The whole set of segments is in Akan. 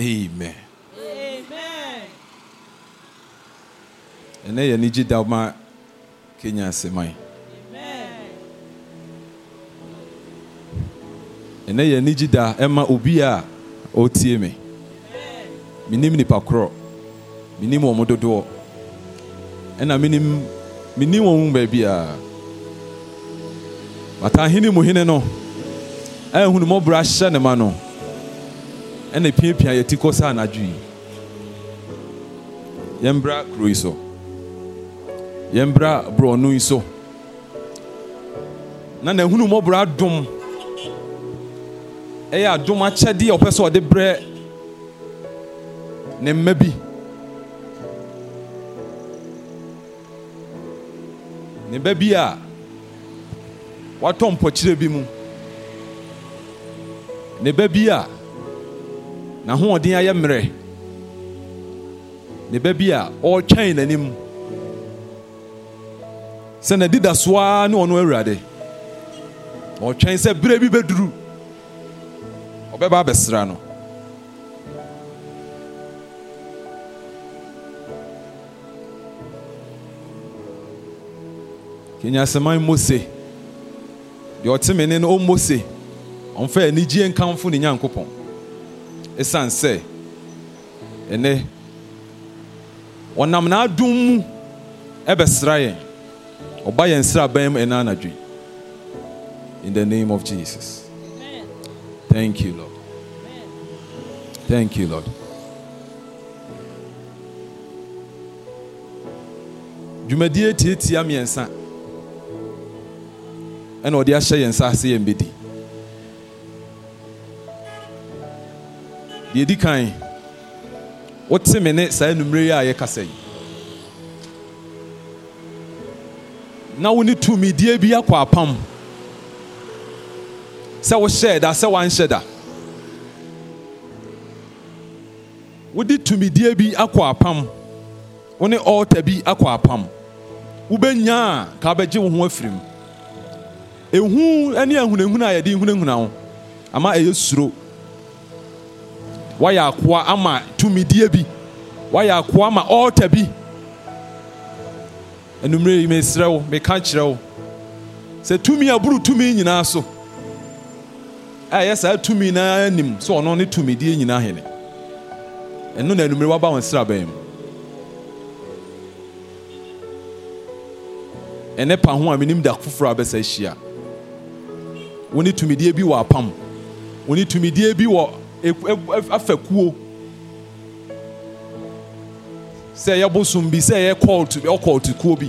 Amen. Amen. ɛnɛ yɛ anigye da kenya semai. ɛnɛ yɛ anigye da ɛma obi a ɔretie me menim nipa korɔ menim wɔn dodoɔ ɛna menim menim wɔn mu baabiara wata ahene mu hene no ɛhunu mɔbra hyɛ ne ma no ɛna epiapia yɛ ti kɔ saa anadwo yi yɛn bra kuro yi so yɛn bra borɔno yi so na na ehunu mɔbra adum ɛyɛ adum akyɛdeɛ a ɔpɛ sɛ ɔde brɛ ne mma bi ne ba bi a watɔ mpɔkyerɛ bi mu ne ba bi a. n'ahoɔden ayɛ mmerɛ ne ba bi a ɔretwɛn n'anim sɛ na dida soa ne ɔno awurade ɔretwɛn sɛ berɛ bi bɛduru ɔbɛba abɛsra no kenyaseman mose deɛ ɔte me ne no ɔmmose ɔmfa anigyeɛ nkamfo ne nyankopɔn ɛsiane sɛ ɛnɛ ɔnam n'adom mu ɛbɛsra yɛn ɔba yɛn sraban mu ɛna anadwo in the name of jesus thank you lord thank you lord dwumadie tiatia mmiɛnsa ɛna ɔde ahyɛ yɛn nsa ase yɛn bɛdi deɛ ɛdi kan wote me ne saa nummerɛ yi a yɛkasa yi na wo tumidie bi akɔ apam sɛ wohyɛɛ da sɛ woanhyɛ da wode tumidie bi akɔ apam wone ne bi akɔ apam wobɛnya a ka wobɛgye wo ho afirim ɛhu ne ahunahuna a yɛde hunahuna ho ama ɛyɛ suro wayɛ akoa ama tumidiɛ bi wayɛ akoa ama ɔɔta bi anumere yi mesrɛ wo meka kyerɛ wo sɛ tumi aboro tumi nyinaa so ɛyɛ saa tumi na anim sɛ ɔno ne tumidiɛ nyinaa hene ɛno na anumere waba wɔn sraban mu ɛne pa ho a menim da foforɔ abɛsa ahyia wo ne tumidie bi wɔ apam wo ne tumidie bi wɔ afa kuo sɛ ɛyɛ bosom bi sɛ ɛyɛ kɔɔt ɔkɔɔt kuo bi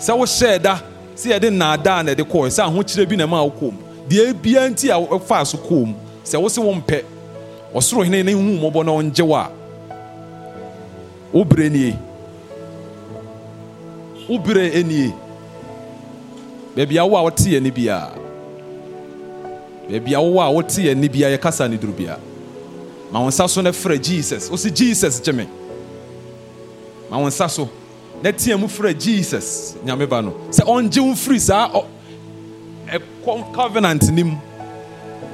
sɛ wohyɛ da sɛ yɛde nnaadaa na ɛde kɔɔ sɛ ahokyerɛ bi na ɛma wokɔɔ mu deɛ ebia nti a ɛfaa so kɔɔ mu sɛ wosɛ wo mpɛ ɔsoro hene ne hu mmɔbɔ na ɔngye wo a wo bere nie wo bere nie baabi a wo a woteɛ no biara baabi a wowɔ a wote yɛ nne biara yɛkasa ne duru biara ma wo nsa so na frɛ jesus wosi jesus gye me ma wo nsa so na tea mu frɛ jesus nyame ba no sɛ ɔngye wo firi saa ɛkɔ covenant nim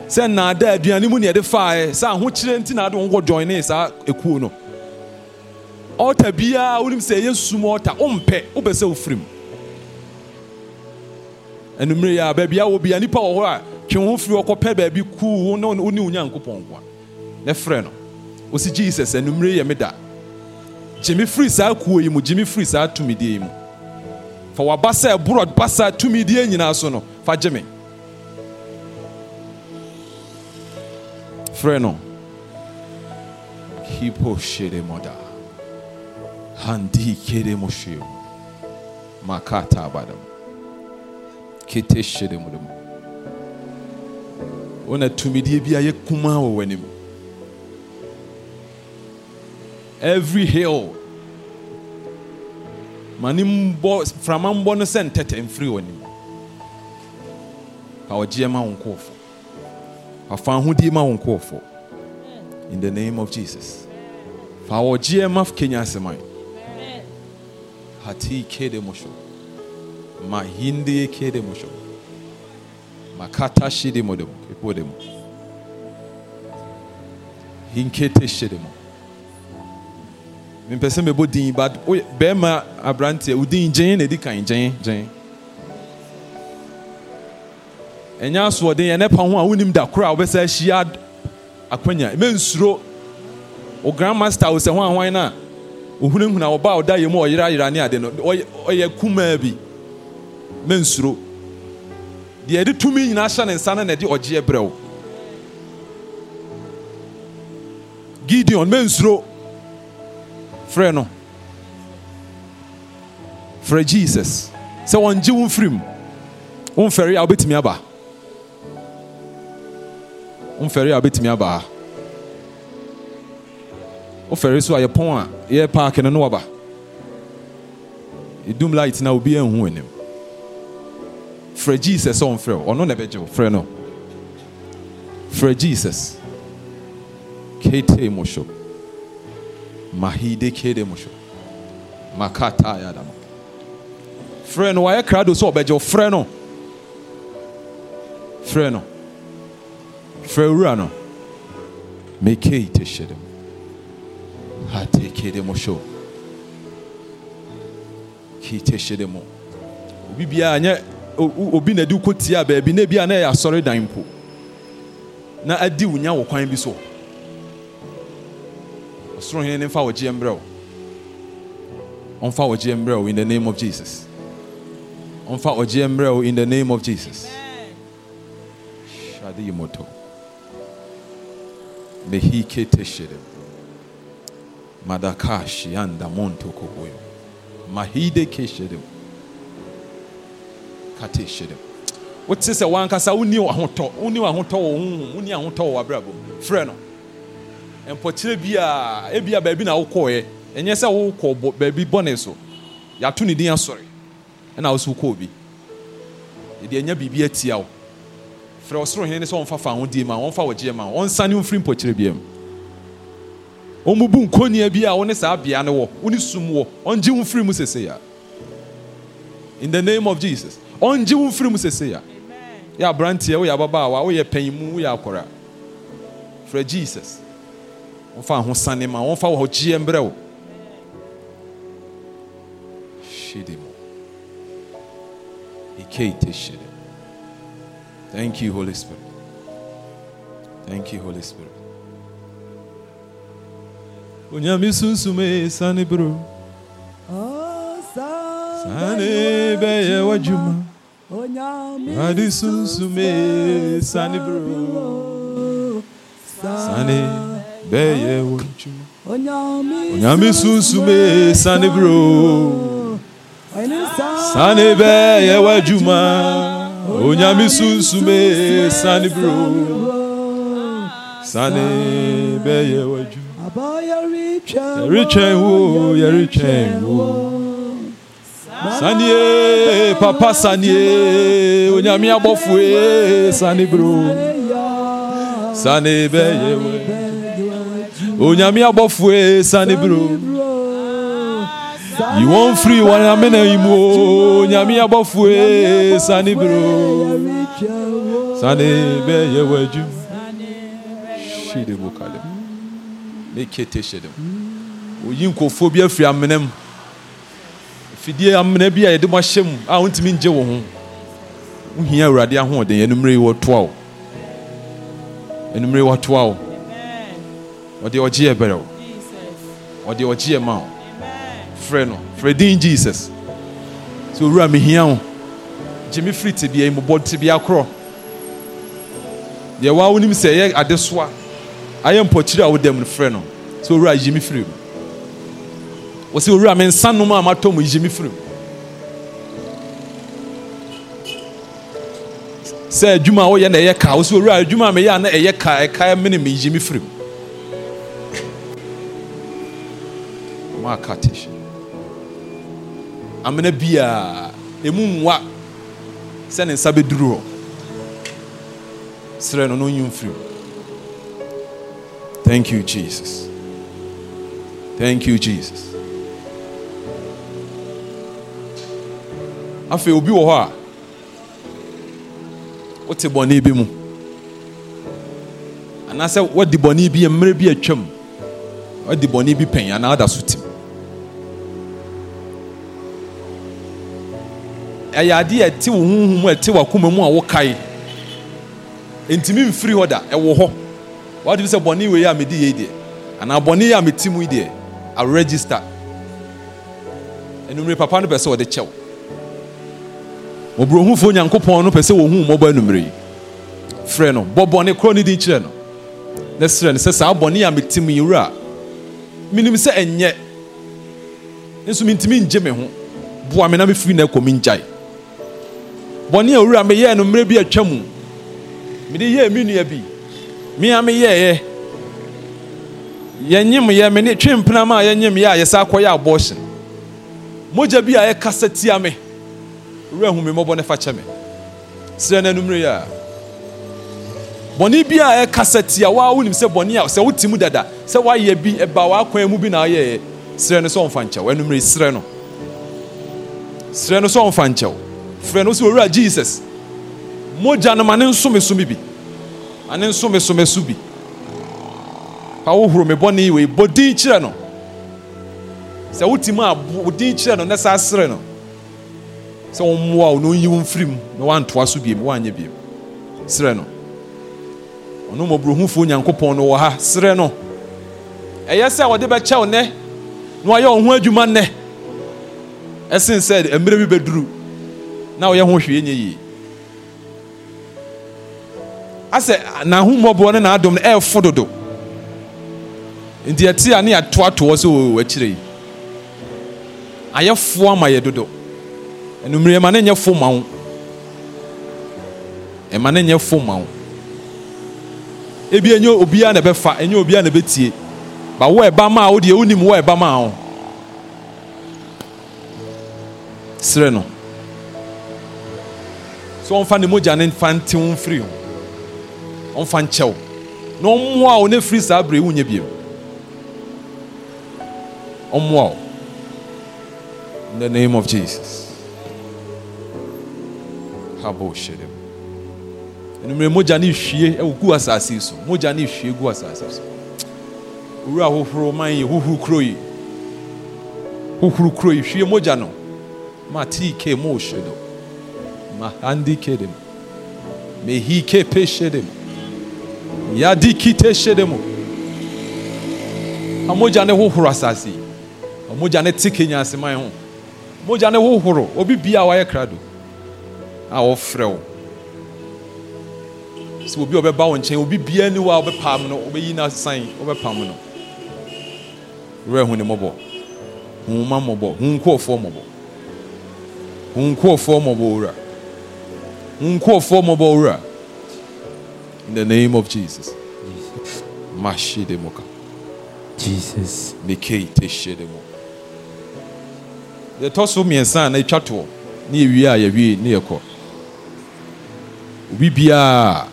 sɛ nnaada aduane mu ne yɛde faeɛ sɛ ahokyerɛ nti naade wo nkɔ joine saa ɛkuo no ɔta biara wonim sɛ ɛyɛ sum ɔta wompɛ wopɛ sɛ wo firim ɛnumere yɛ a baabia wɔ bia nnipa wɔ hɔ a twe wo firi ɔkɔpɛ baabi kuu wo ne wo ne wo nyankopɔn nkoa ne frɛ no ɔsi jesus anumere yɛ me da gyeme firi saa kuo yi mu gyeme firi saa tumidie yi mu fa waba sɛ borɔd ba saa tumidie nyinaa so no fa gye me frɛ no kipo hyere mɔda handi kere mo hwee mu makata abadam kete hyere mu de mu wo na tumideɛ bi ayɛ kuma wɔ w'anim every hill mani ne mbɔ frama mbɔ no sɛ ntɛtɛ mfiri w'anim fa ɔgyeɛ ma fa ahodie ma in the name of jesus fa ɔgyeɛ ma kenya hati kede mosho mahinde kede mosho Makata shidimodemo, epodemo. Hinkete shidemo. Mpɛ sɛ mɛbɔ din ba bɛrima aberanteɛ wo din gyɛn na ɛdi kan gyɛn gyɛn ɛnyɛ asoɔden ɛnɛ pa ho a wonim da koro a wobɛsɛ akwanya grandmaster wo ho ahwan ne ade no deɛ yɛde tumi nyinaa hyɛ ne nsa no na ɛde ɔgyeɛ brɛ wo gideon mensuro frɛ no frɛ jesus sɛ wɔngye wo mfirim womfɛre a wobɛtumi aba womfɛre a wobɛtumi aba ha wofɛre so a yɛpɔn a yɛyɛ paake no ne waba ɛdum light na obi anhu w'anim frɛ jesus a ɔmfrɛ wo ɔno na ɛbɛgye wo frɛ no frɛ jesus kete mo so mahide kede mo so makata yadama frɛ no wayɛ krado sɛ ɔbɛgye wo frɛ no frɛ no frɛ wura no mekei tehyɛ mu hate kede mo so kei tehyɛ de mu obi nyɛ obi na ɛde wokɔ tia baabi na ebia na ɛyɛ asɔredan mpo na adi wo nya wɔ kwan bi so ɔsorohene ne mfa wɔ gyeɛ mbrɛ wo ɔmfa wɔ gyeɛ mbrɛ in the name of jesus ɔmfa wɔ gyeɛ mbrɛ in the name of jesus hyade yi moto mehike teshere madakashi anda monto koboyo mahide keshere mo kate hyɛdɛm wote sɛ wankasa woni ahotɔ woni ahotɔ wɔ honhom woni ahotɔ wɔ abrabɔ frɛ no mpɔkyerɛ bi a ebi baabi na wokɔɔɛ ɛnyɛ sɛ wokɔ baabi bɔne so yɛato ne din asɔre ɛna wo so wokɔɔ bi yɛde anya biribi atia wo frɛ ɔsoro hene ne sɛ ɔmfa fa ahodie ma ɔmfa wɔgyeɛ ma ɔnsane mfiri mpɔkyerɛ bia mu ɔmubu nkonia bi a wo ne saa bea ne wɔ wo ne sum wɔ ɔngye wo mu sesei in the name of jesus ɔngye wo mfiri mu seseya yɛ aberanteɛ woyɛ ababaawa woyɛ panyimu woyɛ akɔra frɛ jesus wɔmfa ho sane ma wɔmfa wɔ gyeɛ mbrɛ wo hyede mu hyede thank you holy spirit thank you holy spirit onyame sunsume sane bro oh, sane bɛyɛ w'adwuma Adi susume sani bro sani beye wonchu onyami susume sani bro sani beye wajuma Onyame susume sani bro sani beye wajuma Yari chen wo yari chen wo sanie papa sanie onyame abɔfoe sane bro sane bɛyɛ onyame abɔfoe sane bro iwɔn firi wɔnyame na yi mu o onyame abɔfoe sane bro sane bɛyɛ wɔ adwum hyide bo kalem ne kete hyɛ dem oyi nkɔfoɔ bi afiri amena mu fidie amena bi a yɛde mo ahyɛ mu a wontumi ngye wo ho wohia awurade ahoɔden ɛnumere wɔtoa wo ɛnumere wɔtoa wo ɔde ɔgye yɛ bɛrɛ wo ɔde ɔgye yɛ ma wo frɛ no frɛ din jesus sɛ owura mehia wo gye me firi tebea yi mobɔ tebea korɔ deɛ waa wonim sɛ ɛyɛ adesoa ayɛ mpɔkyiri a wodam no frɛ no sɛ owura gye me firi mu wɔsi owura mi nsa nom a matɔ mu yi mi firi mu sɛ adwuma a woyɛ na ɛyɛ ka wɔsi owura adwuma a mi yɛ a na ɛyɛ ka ɛka mene mi yi mi firi mu mo aka te hyɛ amena bia emu nwa sɛ ne nsa bɛduru hɔ srɛ no na onyi mfiri mu thank you jesus thank you jesus afei obi wɔ hɔ a wote bɔne bi mu anaasɛ wadi bɔne bi mmerɛ bi atwam wadi bɔne bi pɛn anaa wada so tem ɛyɛ adeɛ a ɛte wo honhom a ɛte wakoma mu a wokae ɛntumi mfiri hɔ da ɛwɔ hɔ wadum sɛ bɔne wei a mede yei deɛ anaa bɔne yi a mete mu yi deɛ aregister ɛnumere papa no pɛ sɛ wɔde kyɛw ɔborohufoɔ nyankopɔn no pɛ sɛ wɔhu mmɔbɔ anummerɛ yi frɛ no bɔbɔne korɔ ne din kyerɛ no na serɛ no sɛ saa bɔne a metim yi wura menim sɛ ɛnyɛ nso mentumi ngye me ho boa me na mefiri na ɛkɔ mengyae bɔne a owura meyɛɛ no mmerɛ bi atwa mu mede yɛɛ me nua bi me a meyɛɛyɛ yɛnyemyɛ me ne twe mpenam a yɛnyemyɛ a yɛsa akɔyɛ abɔɔhyen mogya bi a ɛkasa tia me wura hu mi mmɔbɔ ne fa kyɛ me serɛ yɛ a bi a ɛkasa tia wa wonim sɛ bɔne a sɛ wote dada sɛ woayɛ bi ɛba w'akwan mu bi na woyɛɛ serɛ no sɛ ɔmfa nkyɛw anumere no sɛ ɔmfa nkyɛw frɛ no sɛ owura jesus mogya no ma ne bi so bi fa wohoro me wei bɔ din kyerɛ no sɛ wotim a din na sɛ wɔmmoa wo na ɔnyi wo mfiri mu na woantoa so biom woanyɛ biom serɛ no ɔno mmɔborɔhufoɔ nyankopɔn no wɔ ha serɛ no ɛyɛ sɛ wɔde bɛkyɛ wo nnɛ na wayɛ wo ho adwuma nnɛ ɛsen sɛ mmerɛ bi bɛduru na woyɛ ho hwee yie asɛ ne n'adom no ɛɛfo dodo nti ɛte a ne yɛatoatoɔ sɛ wɔakyirɛ yi ayɛfoɔ ama yɛ dodo anumere ɛma ne nyɛ fo ma wo ɛma ne nyɛ fo ma wo ebi enye obiara na ɛbɛfa enye obiara na ɛbɛtie ba wo ɛba maa wo deɛ wonim wo ɛba maa wo srɛ no sɛ ɔmfa ne mogya ne mfa nte wo mfiri ho ɔmfa nkyɛ wo na ɔmmoa wo ne firi saa bere wonyɛ biom ɔmmoa wo in the name of jesus kabo hyɛdɛm enumere mogya ne hwie ɛwɔ gu asase so mogya ne hwie gu asase so owura ahohoro man yi huhuru kuro yi huhuru kuro yi hwie mogya no ma tii ke mo hyɛ do ma handi ke dem me hi ke pe hyɛ dem yadi kite hyɛ dem amogya ne hohoro asase yi amogya ne te kenya aseman ho mogya ne hohoro obi bia wayɛ krado a wɔfrɛ wo sɛ obi a ɔbɛba wo nkyɛn obi biara ni hɔ a wobɛpam no wobɛyi no asan wobɛpam no werɛ hu ne mmɔbɔ homa mmɔbɔ hu nkurɔfoɔ mmɔbɔ hu nkurɔfoɔ mmɔbɔ owura hu nkurɔfoɔ mmɔbɔ owura in the name of jesus mashi de moka jesus mekei tehyɛ de mo yɛtɔ so mmiɛnsa a na ɛtwa toɔ ne yɛwie a yɛwie ne yɛkɔ obi biara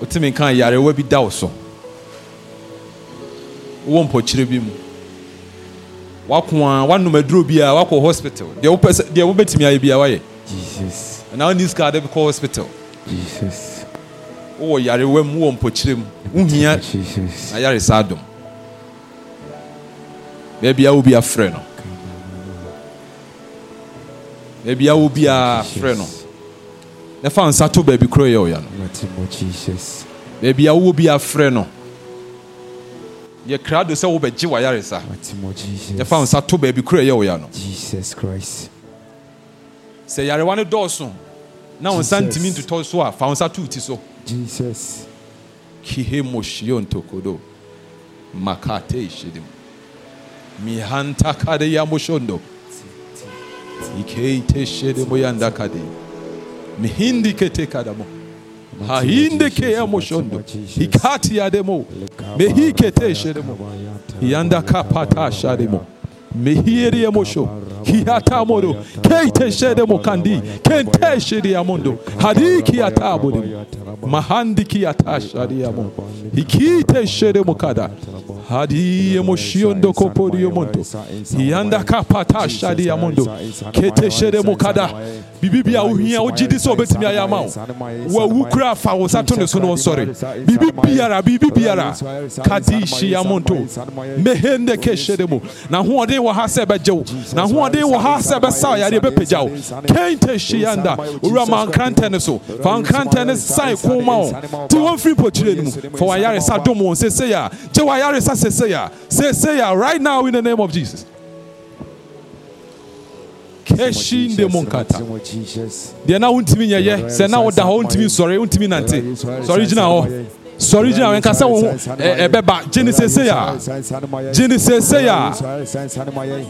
wotumi nka yarewa bi da wo so wowɔ mpɔkyerɛ bi mu wako a wanom aduro bi a wakɔ hospital deɛ wopɛ sɛ deɛ wobɛtumi ayɛ bi a wayɛ jesus na wonni sika de kɔ hospital jesus wowɔ yarewa mu wowɔ mpɔkyerɛ mu wohia na yaresa adom baabia wo bi afrɛ no baabia wo bi afrɛ no na fa nsa to baabi korɔ yɛ ɔya no baabi a wowɔ bi afrɛ no yɛ krado sɛ wobɛgye wayaresa na fa nsa to baabi korɔ yɛ ɔya no sɛ yarewa no dɔɔso na wo nsa ntumi ntotɔ so a fa wo nsa to ti so kihemoshio ntokodo makate ishidim mihantakade yamoshondo ikeite mihindiiketekadamo haindekeyamo shondo hikatiyademo mehiketeshedemo yandakapatashademo mosho kiatamoro keiteshede mokandi kenteshede yamondo hadi kiataboro mahandi kiatashari yamo hikiteshede mokada hadi yemoshiyondo kopori yomonto hiyanda kapatashari yamondo keteshede mokada biribi a wohia wogye di sɛ wobɛtumi ayɛ ama wo wawu kora afa wo sa to ne so na wɔsɔre biribi biara biribi biara kadi hyia mo nto mehende kehyɛde mu na hoɔden wɔ ha sɛ ɛbɛgye wo na afei wɔ ha sɛ ɛbɛsa yadeɛ bɛpagya wo kente hyianda owura ma so fa nkrantɛ no sae ko ma wo free wɔmfiri mpɔkyire no mu fa wɔayaresa dom wɔn seesei a gye wɔayaresa seesei a seesei right now in the name of jesus ɛhyinde mu nkata deɛ na wontumi nyɛyɛ sɛ na woda hɔ wontumi nsɔre wontumi nante sɔre gyina hɔ sɔre gyina wɔn nkasa wɔn ɛbɛba gye ne sese a gye ne sese a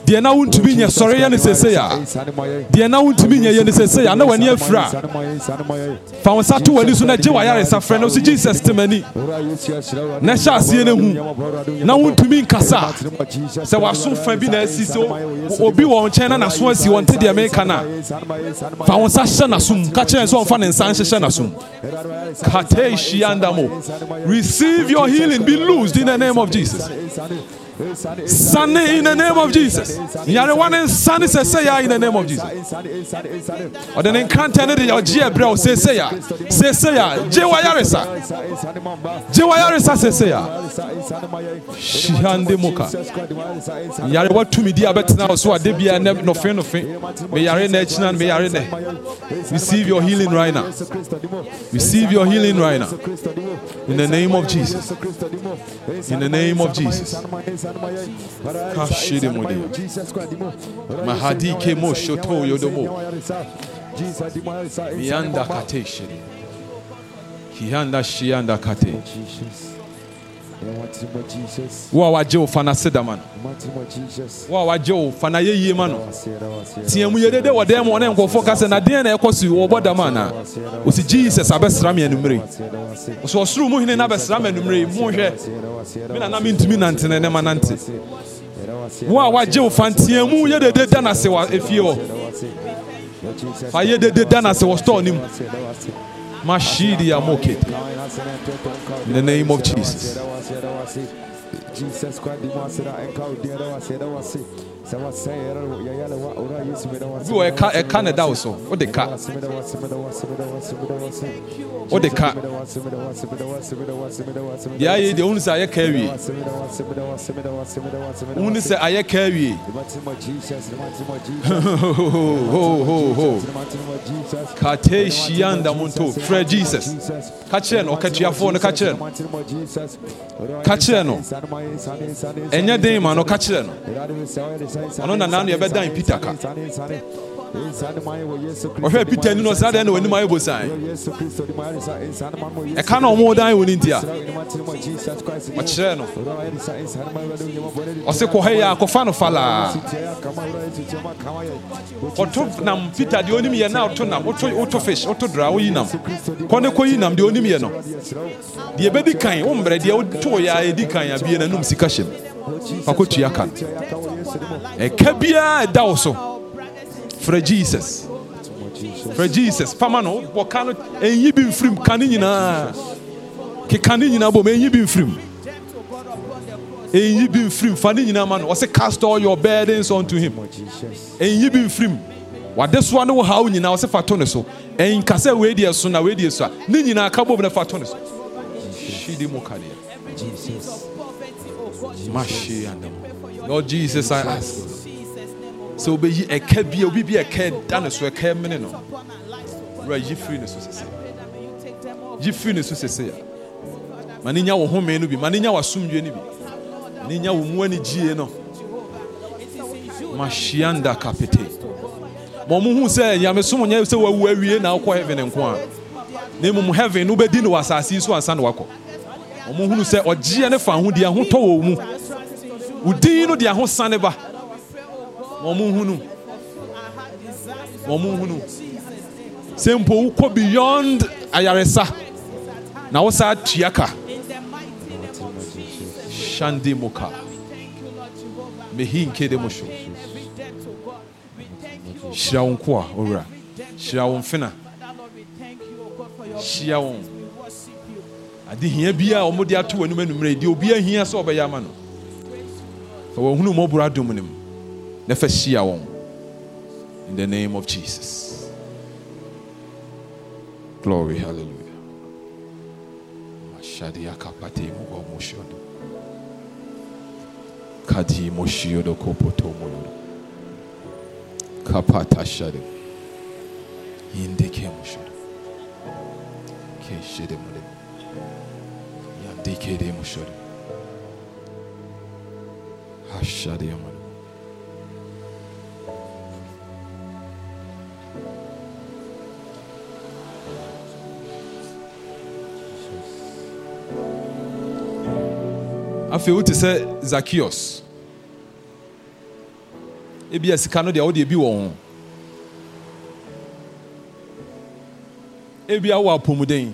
deɛ na wuntumi nyɛ sɔre yɛ ne sese a deɛ na wuntumi nyɛ yɛ ne sese a na wɔn ani afira fa wɔn nsa to wɔn ani so jesus tem ani na hyɛ aseɛ no hu na wuntumi nkasa sɛ waso fa bi na asi sɛ obi wɔ nkyɛn na naso asi wɔn te deɛ meka na fa wɔn nsa hyɛ naso mu ka kyerɛ sɛ wɔn fa ne nsa nhyehyɛ Receive your healing. Be loosed in the name of Jesus. Sunday in the name of Jesus. Yare one Sunday say say in the name of Jesus. Or the encounter ne your G bro say say ya. Say say ya. Jewa yaresa. Jewa yaresa say say ya. Shihande moka. Yare what to me dia betena so ade bia ne no fe no fe. Me yare na china me yare ne. Receive your healing right now. Receive your healing right now. In the name of Jesus. In the name of Jesus. Kashidimo Mahadi Kemo Shoto Yodomo Mianda shiri. Kianda Shianda Kate wo a wagye wo fa no aseda ma no wo a wagye wo fa no ma no teamu yɛdede wɔ dan mu ɔne nkɔfoɔ ka sɛ na deɛn na ɛkɔ so wɔbɔ dam anaa ɔsi jesus abɛsra me anumere ɔsɛ ɔsoro mu hene no abɛsra me anumere monhwɛ me na na mentumi nantene ne ma nante wo a wagye wo fa nteamu yɛdede da no ase wɔ efie hɔ fa yɛdede da no ase wɔ stɔɔ no mu Mashidi Amoket. In the name of Jesus. said, oh, I see. Jesus Christ, the master and encountered, oh, I said, oh, I see bi are ɛka ɛka so wo de ka wo de ka deɛ ayɛ deɛ wonu sɛ ayɛ ka awie wonu sɛ ayɛ kate hyia ndamonto frɛ jesus ka kyerɛ no ɔkatuafoɔ no ka kyerɛ no ka kyerɛ no ɛnyɛ den ɔno na nanu yɛbɛdan peter ka ɔhwɛ pita ni na ɔsra dan na 'anim ayɛ bosan ɛka na ɔmo dan wɔ ne ntia ɔkyerɛ no ɔse kɔ ha yi a kɔfa no falaa ɔto nam peter deɛ onim yɛ na ɔto nam woto fish woto dra woyi nam kɔ ne kɔyi nam deɛ onim yɛ no deɛ ɛbɛdi kan wo mmerɛ deɛ wotoo yɛ a ɛdi kan abie n'anom sika hyɛ m fakɔtua no ɛka biara ɛda wo so frɛ jesus frɛ jesus fama no wobɔ ka no ɛnyi bi mfirim ka ne nyinaa keka ne nyinaa bom ɛnyi bi mfirim ɛnyi bi mfirim fa ne nyinaa ma no ɔse cast all your burdens unto him ɛnyi bi mfirim wade soa ne wo haw nyinaa ɔse fa to ne so ɛnka sɛ weideɛ so na weideɛ so a ne nyinaa ka bom ne fa to ne so hyidi mu kadeɛ mahye lord jesus i ask sɛ wobɛyi ɛka bia obi bi ɛka da ne so ɛka mene no wura yi firi ne so sese yi firi ne so sese a ma ne nya wo home no bi ma ne nya w'asomdwe no bi ne nya wo mu ani gyie no mahyianda kapete ma ɔmo hu sɛ nyamesom nyɛ sɛ wawu awie na wokɔ heaven nko a na mmom heaven no wobɛdi ne wɔ asase yi so ansa na wakɔ ɔmo hunu sɛ ɔgyeɛ ne fa ho deɛ ho tɔ wɔ mu wo din no deɛ ho ba wɔn mu hunu wɔn mu hunu sɛ mpo wokɔ beyond ayaresa na wo saa tua ka shande mu ka mehi nkede mu so hyira wo nko a owura hyira wo mfena hyia wo ade hia biara a wɔde ato w'anim anummerɛ deɛ obiara hia sɛ ɔbɛyɛ ama no fa wɔahunu mmɔborɔ adom no mu In the name of Jesus. Glory, hallelujah. Kadi Moshiodo Kopotomolo Kapata Shadow Indike Moshodo Keshede Mode Yandike de Moshodo Hashadi Amado afei wote sɛ zakios ebia sika no deɛ wode ebi wɔ ho ebia wɔ apɔmuden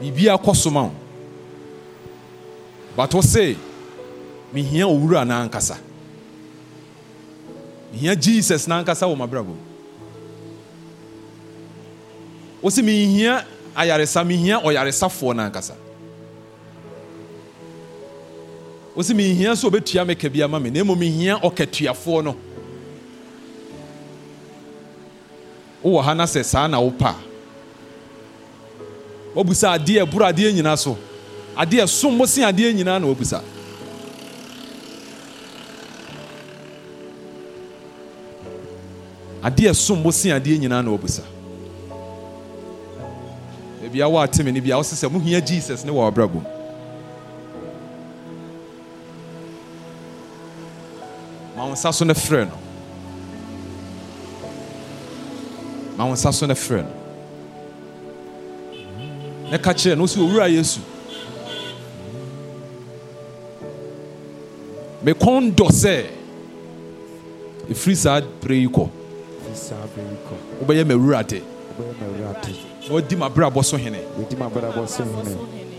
biribi akɔ so ma wo bato se mehia owura n'ankasa mehia jesus n'ankasa wɔ m'abrabɔ wosi mehia ayaresa mehia ɔyaresafoɔ n'ankasa wosi mehia sɛ obɛtua me ka bi ama me na mmom mehia ɔkatuafoɔ no wowɔ ha na sɛ saa na wopa woabusa adeɛ ɛboro adeɛ nyina so adeɛ som mo se adeɛ nyinaa na woabusa adeɛ som mo se adeɛ nyinaa na woabusa baabi a wɔateme no bia wosɛ sɛ mohia jesus ne wɔ ɔbrɛbom ma wo nsa so no frɛ no ma wo nsa so no frɛ no na ka kyerɛ no wo sɛ owura yesu me kɔn dɔ sɛ ɛfiri saa berɛ yi kɔ wobɛyɛ m'awurade na wadi m'abrabɔ so hene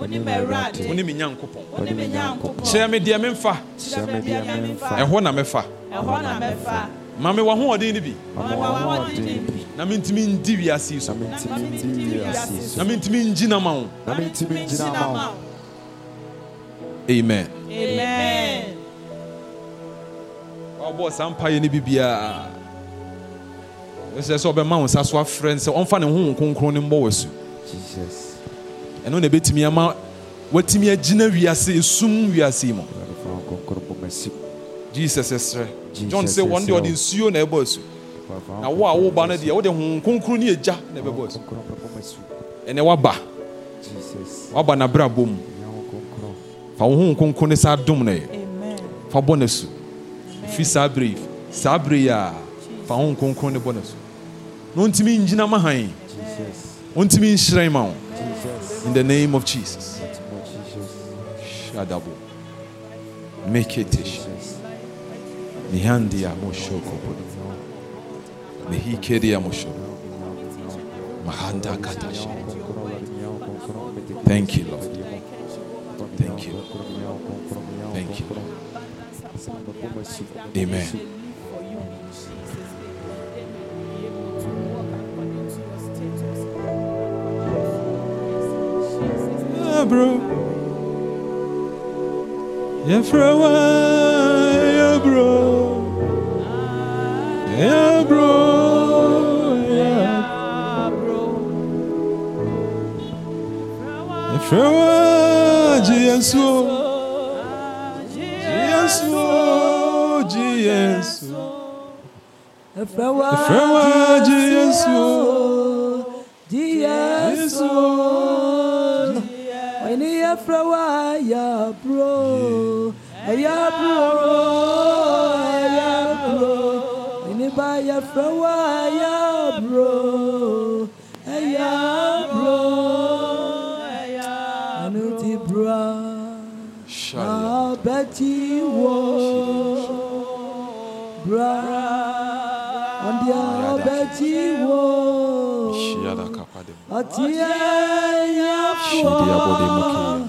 wone me nyankopɔn kyerɛ me deɛ memfa ɛhɔ na mefa ma me w'ahoɔden no bi na mentumi ndi wiase so na mentumi ngyina ma wo amen wabɔɔ saa mpayɛ no bibiaa ɛsɛ sɛ ɔbɛma wo nsa so afrɛ n sɛ ɔmfa ne kronkron no ɛno na ɛbɛtumi ama watumi agyina wiase esum wiase yi mu jesus ɛsrɛ john sɛ wɔn deɛ ɔde nsuo na ɛbɔ asu na wo a woba no deɛ wode honhom kronkron ne agya na ɛbɛbɔ asu ɛnɛ waba waba nabrabɔ mu fa wo honhom kronkron ne saa dom no yɛ fa bɔ no asu ɛfiri saa berɛ yi saa berɛ yi a fa honhom kronkron ne bɔ no asu na ɔntumi ngyina ma han ɔntumi nhyerɛn ma wo In the name of Jesus. make Meketesh. Nihandia Moshoko. Nihikedia Moshoko. Mahanda Katash. Thank you, Lord. Thank you. Thank you. Amen. bro Yeah, bro, yeah, bro Yeah, bro, yeah Yeah, bro, Jesus Jesus Jesus É pra onde eu yɛfrɛ wo ayaburo ayaburo ayaburo eniba bro, wo ayaburo ayaburo ɛnu ti bura na ɔbɛti wo bura ɔdi ɔbɛti wo ɔti ɛyafo.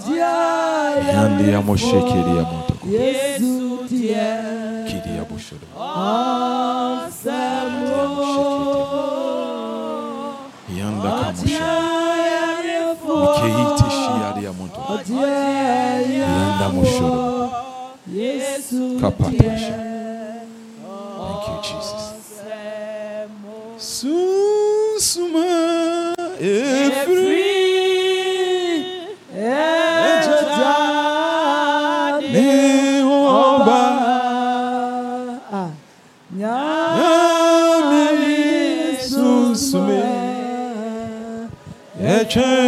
yandi ya moshe kiri ya motoko kiri ya bushoro yanda kamusha mikeite shiyari ya motoko yanda mushoro kapapasha church.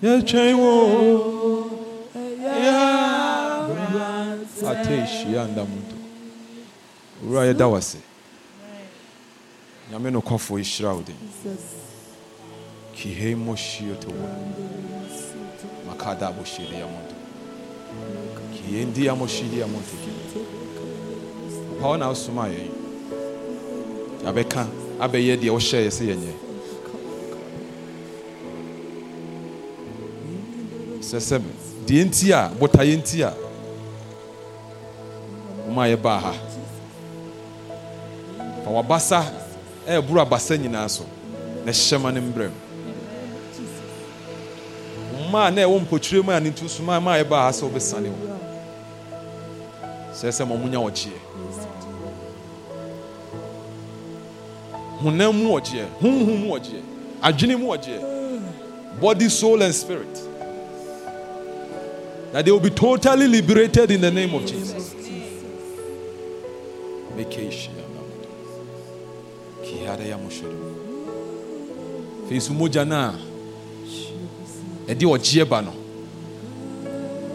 yɛtwɛn wo ate hyia nda mu nto owura yɛda wo den kihei mɔhyio te wo makada abɔhyiedeɛ mo nto kihei ndi amɔhyiedeɛ mo nto kihei ampa na wosoma yɛn yɛabɛka abɛyɛ deɛ wohyɛeɛ sɛ yɛnyɛ sɛ sɛ deɛ nti a botaeɛ nti a woma yɛbaa ha fa wabasa ɛɛboro abasa nyinaa so na hyɛ ma no mbrɛ mmaa na ɛwɔ mpotwire mu a ne ntu so maa maa yɛbaa ha sɛ wobɛsane wo sɛ sɛ ma monya wɔkyeɛ honam mu ɔgyeɛ honhom mu ɔgyeɛ adwene mu ɔgyeɛ body soul and spirit that they will be totally liberated in the name of jesus fei so mogya no a ɛde ɔgyeɛ ba no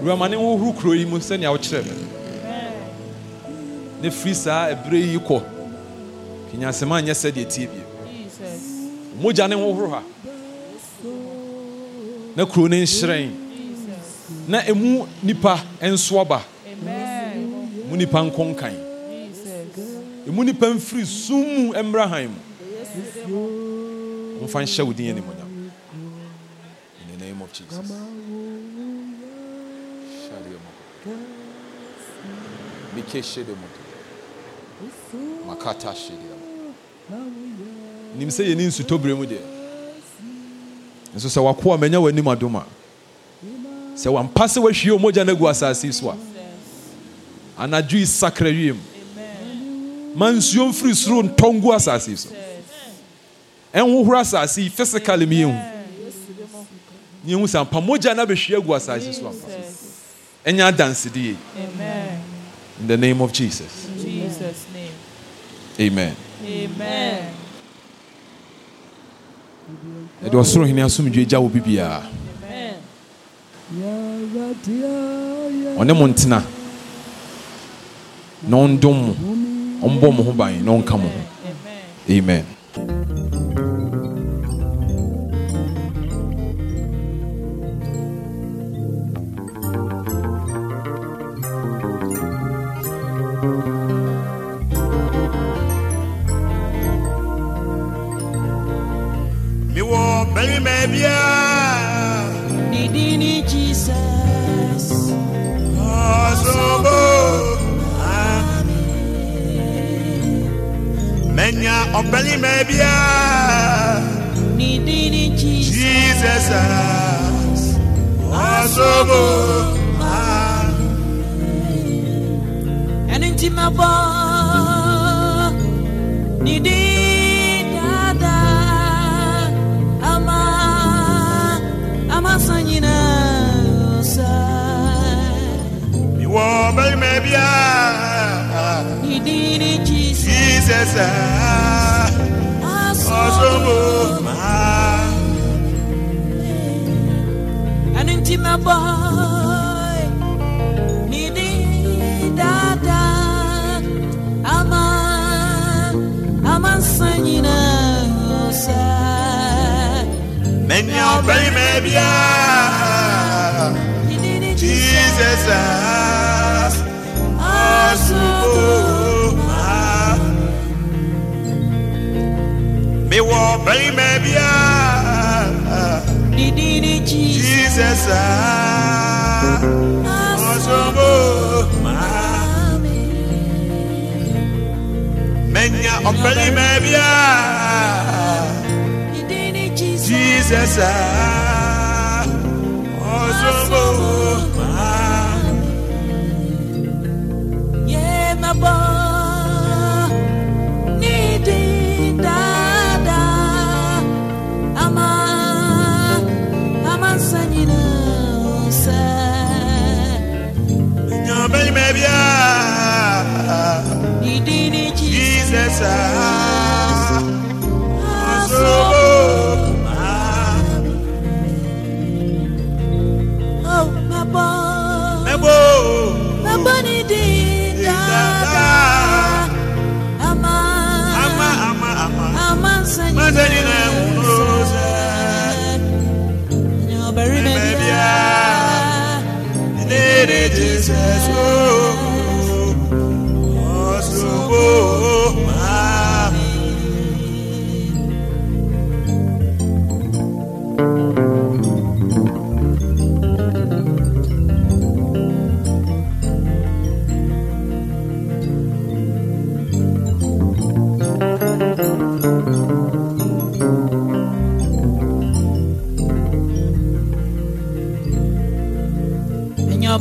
wurama ne wohoro kuro yi mu sɛnea wokyerɛ me ne firi saa ɛberɛ yi kɔ nyansɛma nyɛ sɛdeɛ tie bio mogya ne hohoro ha na kuro ne nhyerɛn na ɛmu nipa nso aba mu nipa nkɔ ɛmu nipa mfiri sum mu mmra han mu mfa nhyɛ wo din animonyam in the name of jesus Mikeshe de Makata shede. nim sɛ yɛni nsutɔbere mu deɛ nso sɛ wakoa manya w'anim adom a sɛ wampa sɛ wahwie no agu asase so a anadwo yi sakra wiem ma nsuo mfiri soro asase so ɛnhohoro asase yi yɛhu sɛ ampa mogya no abɛhwie agu asase so ampa ɛnyɛ in the name of jesus, jesus name. amen Amen. Ɛde ɔsoro hene asomdwe gya wo bibiara. Ɔne mo ntena na ɔndom mo, ɔmbɔ mo ho ban na ɔnka ho. Amen. Amen. biara. Didi ni Jesus. Mẹ̀nyà ọ̀bẹ̀límẹ̀ biara. Nidini Jesus. Jesus. Ọ̀ṣọ́bọ̀. Ẹni tí nsa nyinaa ɔsa mewɔ bɛrima bia ne ọbẹ̀yìn mẹ́bí á. Jesus has ọ̀ṣùgbọ́ máa. Mi wọ ọbẹ̀yìn mẹ́bí á. Jesus has ọ̀ṣùgbọ́ máa. Jesus. I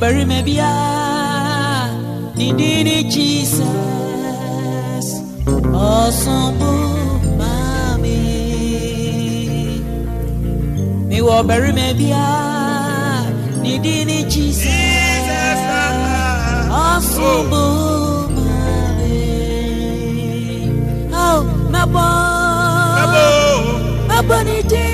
ɔbarima biara ne din ne jesus ɔsombo maame mewɔ ɔbarima biara ne din ne jesus ɔsombo maame oh mɛbɔ mɛbɔ ne din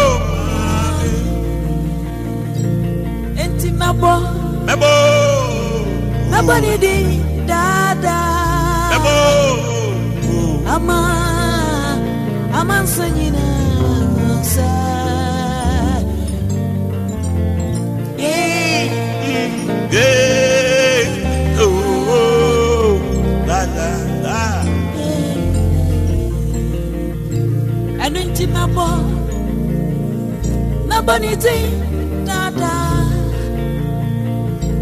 mebo mebo mebo ni di dada mebo ama ama nsa nyinaa nsa yeah yeah oh, oh. la la la ẹnu ntí mẹbọ ni dín.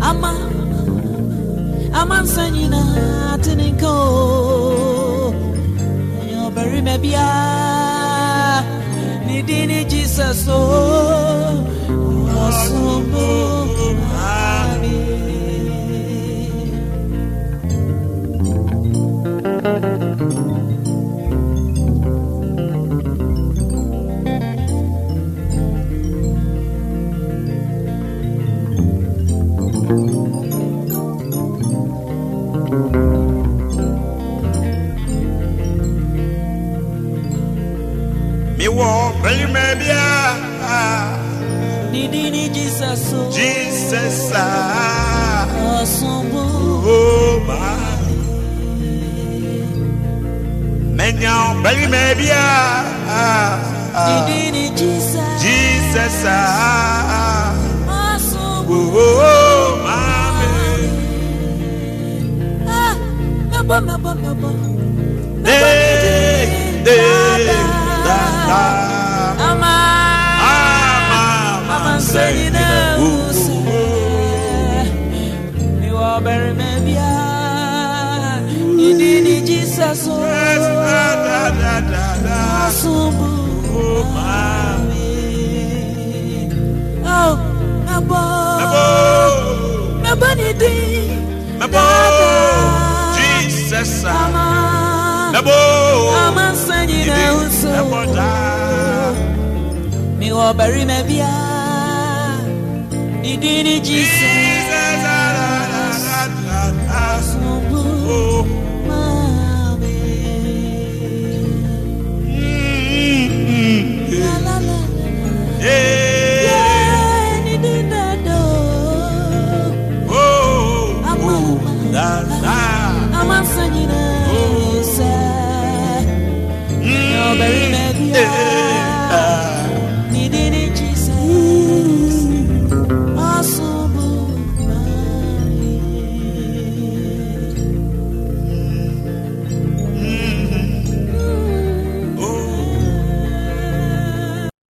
ama ama nsa nyinaa te ne nka o ɛnyɛ ɔbarima biara bia. Nidini ah. oh, Jesus Jesus ah. oh, oh, oh ma. me bia. Nidini Jesus. Jesus a. Oh ma. Ah, ah. mebo Seyidina Usu Mi wa bere me bia Nini ni Jesus o Asubu o mami Oh, Nabo Nabo ni di Nabo Jesus Ama Nabo Ama Seyidina Usu Mi wa bere me Did it, Jesus.